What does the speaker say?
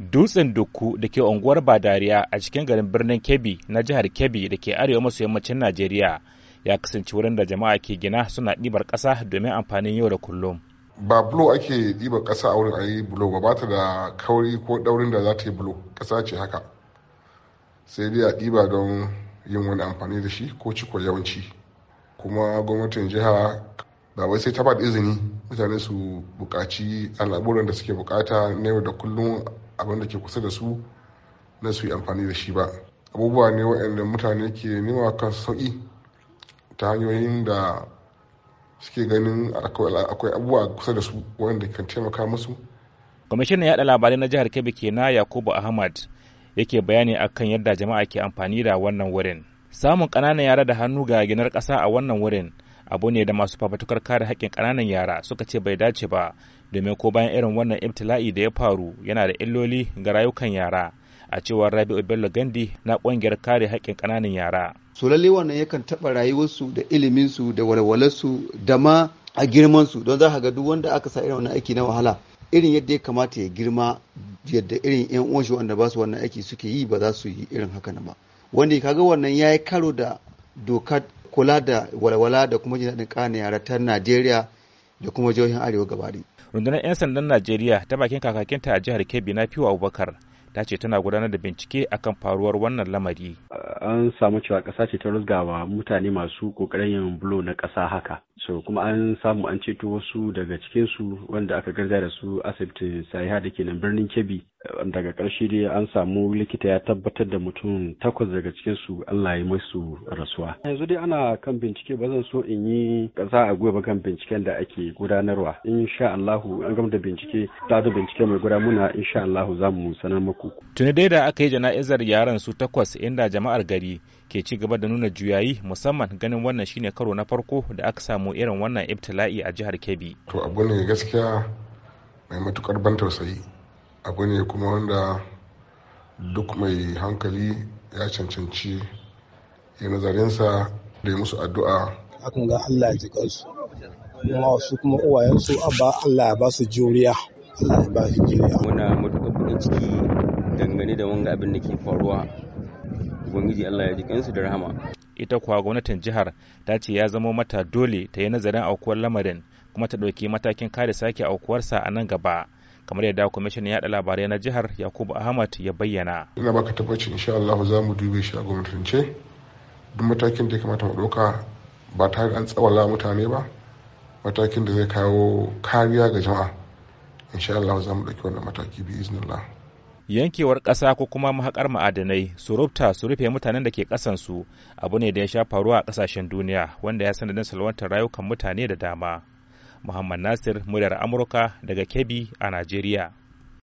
dutsen dukku da ke unguwar badariya a cikin garin birnin kebbi na jihar kebbi da ke arewa maso yammacin najeriya ya kasance wurin da jama'a ke gina suna ɗibar ƙasa domin amfanin yau da kullum ba bulo ake ɗibar ƙasa a wurin ayi bulo ba ba ta da kauri ko ɗaurin da za ta yi bulo ƙasa ce haka sai dai a ɗiba don yin wani amfani da shi ko ciko yawanci kuma gwamnatin jiha ba wai sai ta ba da izini mutane su buƙaci al'amuran da suke buƙata na yau da kullum abin da ke kusa da su na su yi amfani da shi ba abubuwa ne waɗanda mutane ke nema kan sauƙi ta hanyoyin da suke ganin akwai abubuwa kusa da su waɗanda kan taimaka musu kwamishinan yaɗa labarai na jihar kebbi kenan yakubu ahmad yake bayani akan yadda jama'a ke amfani da wannan wurin samun ƙananan yara da hannu ga ginar ƙasa a wannan wurin abu ne da masu fafatukar kare haƙƙin ƙananan yara suka ce bai dace ba domin ko bayan irin wannan ibtila'i da ya faru yana da illoli ga rayukan yara a cewar rabi'u bello gandi na ƙungiyar kare haƙƙin ƙananan yara so lallai wannan yakan taɓa rayuwarsu da iliminsu da walwalarsu da ma a girmansu don za ka ga duk wanda aka sa irin wannan aiki na wahala irin yadda ya kamata ya girma yadda irin yan uwanshi wanda ba su wannan aiki suke yi ba za su yi irin haka na ba wanda kaga wannan ya yi karo da dokar kula da walwala da kuma jin daɗin ƙananan yara ta Najeriya da kuma jihohin Arewa gabari. Rundunar 'yan sandan Najeriya ta bakin kakakinta a jihar Kebbi na Fiwa Abubakar ta ce tana gudanar da bincike akan faruwar wannan lamari. An samu cewa ƙasa ce ta rusgawa mutane masu ƙoƙarin yin bulo na ƙasa haka. so kuma an samu an ceto wasu daga cikinsu wanda aka garza da su asibitin sahiha da ke nan birnin kebbi daga ƙarshe dai an samu likita ya tabbatar da mutum takwas daga cikinsu allah ya masu rasuwa yanzu dai ana kan bincike ba zan so in yi kasa a gwiwa kan binciken da ake gudanarwa insha allahu an gama da bincike ta da bincike mai guda muna insha allahu za mu sanar muku tuni dai da aka yi jana'izar yaran su takwas inda jama'ar gari ke ci gaba da nuna juyayi musamman ganin wannan shine karo na farko da aka samu samu irin wannan ibtila'i a jihar kebbi to abu ne gaskiya mai matukar ban tausayi abu ne kuma wanda duk mai hankali ya cancanci ya nazarinsa da musu addu'a akan ga allah ji kansu kuma wasu kuma uwayensu ba allah ya ba su juriya allah ya ba su juriya muna matukar bakin ciki dangane da wanga abin da ke faruwa ubangiji allah ya ji kansu da rahama ita kuwa gwamnatin jihar ta ce ya zamo mata dole ta yi nazarin aukuwar lamarin kuma ta ɗauki matakin kare sake aukuwarsa a nan gaba kamar yadda kwamishin ya yaɗa labarai na jihar yakubu ahmad ya bayyana ina baka tabbacin insha allahu za mu dube shi a gwamnatance duk matakin da ya kamata mu ɗauka ba tare an tsawala mutane ba matakin da zai kawo kariya ga jama'a insha allahu za mu ɗauki wannan mataki bi iznillah yankewar ƙasa ko kuma mahaƙar ma'adanai su rubta su rufe mutanen da ke ƙasansu abu ne da ya sha faruwa a ƙasashen duniya wanda ya sanadin salwantar rayukan mutane da dama muhammad nasir muryar amurka daga kebbi a najeriya